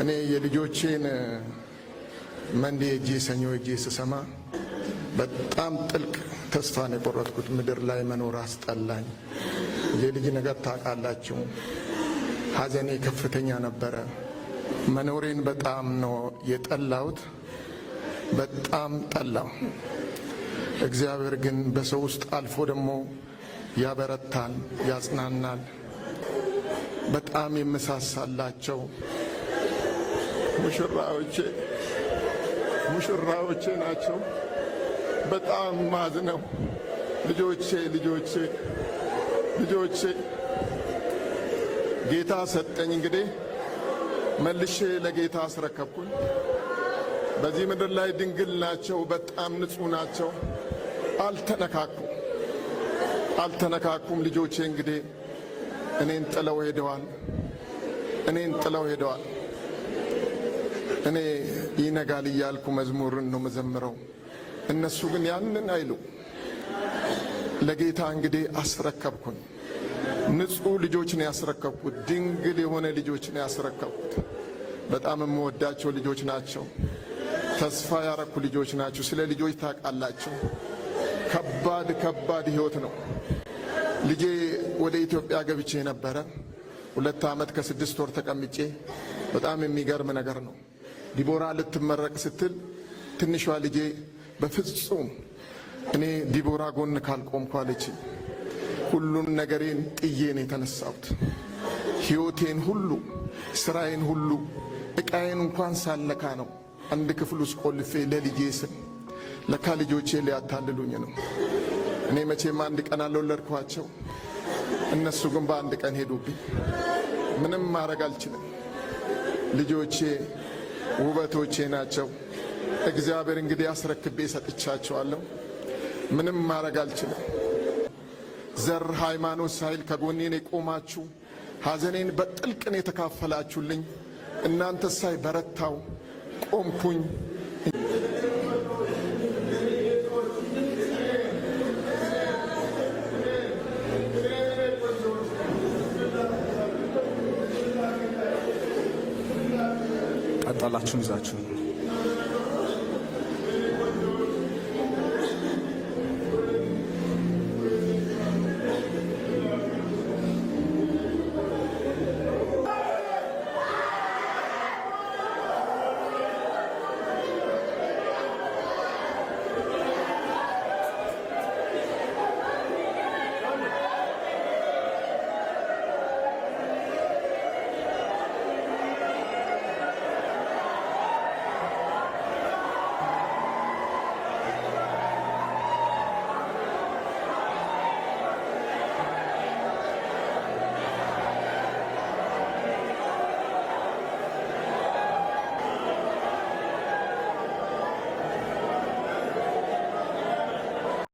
እኔ የልጆቼን መንዴ እጄ ሰኞ እጄ ስሰማ በጣም ጥልቅ ተስፋ ነው የቆረጥኩት። ምድር ላይ መኖር አስጠላኝ። የልጅ ነገር ታውቃላችሁ። ሀዘኔ ከፍተኛ ነበረ። መኖሬን በጣም ነው የጠላሁት። በጣም ጠላሁ። እግዚአብሔር ግን በሰው ውስጥ አልፎ ደግሞ ያበረታል፣ ያጽናናል። በጣም የምሳሳላቸው ሙሽራዎቼ ሙሽራዎቼ ናቸው። በጣም ማዝ ነው። ልጆቼ ልጆቼ ልጆቼ ጌታ ሰጠኝ እንግዲህ መልሼ ለጌታ አስረከብኩኝ። በዚህ ምድር ላይ ድንግል ናቸው። በጣም ንጹሕ ናቸው። አልተነካኩም አልተነካኩም። ልጆቼ እንግዲህ እኔን ጥለው ሄደዋል። እኔን ጥለው ሄደዋል። እኔ ይነጋል እያልኩ መዝሙርን ነው መዘምረው። እነሱ ግን ያንን አይሉ። ለጌታ እንግዲህ አስረከብኩን። ንጹህ ልጆች ነው ያስረከብኩት። ድንግል የሆነ ልጆች ነው ያስረከብኩት። በጣም የምወዳቸው ልጆች ናቸው። ተስፋ ያረኩ ልጆች ናቸው። ስለ ልጆች ታውቃላቸው። ከባድ ከባድ ህይወት ነው። ልጄ ወደ ኢትዮጵያ ገብቼ ነበረ። ሁለት ዓመት ከስድስት ወር ተቀምጬ በጣም የሚገርም ነገር ነው። ዲቦራ ልትመረቅ ስትል ትንሿ ልጄ በፍጹም እኔ ዲቦራ ጎን ካልቆምኩ አለች። ሁሉን ነገሬን ጥዬን የተነሳሁት ሕይወቴን ሁሉ ሥራዬን ሁሉ እቃዬን እንኳን ሳለካ ነው አንድ ክፍል ውስጥ ቆልፌ ለልጄ ስም ለካ ልጆቼ ሊያታልሉኝ ነው። እኔ መቼም አንድ ቀን አልወለድኳቸው፣ እነሱ ግን በአንድ ቀን ሄዱብኝ። ምንም ማድረግ አልችልም ልጆቼ ውበቶቼ ናቸው። እግዚአብሔር እንግዲህ አስረክቤ ሰጥቻቸዋለሁ። ምንም ማድረግ አልችልም። ዘር፣ ሃይማኖት ሳይል ከጎኔን የቆማችሁ ሐዘኔን በጥልቅን የተካፈላችሁልኝ እናንተ ሳይ በረታው ቆምኩኝ። ቃላችሁን ይዛችሁ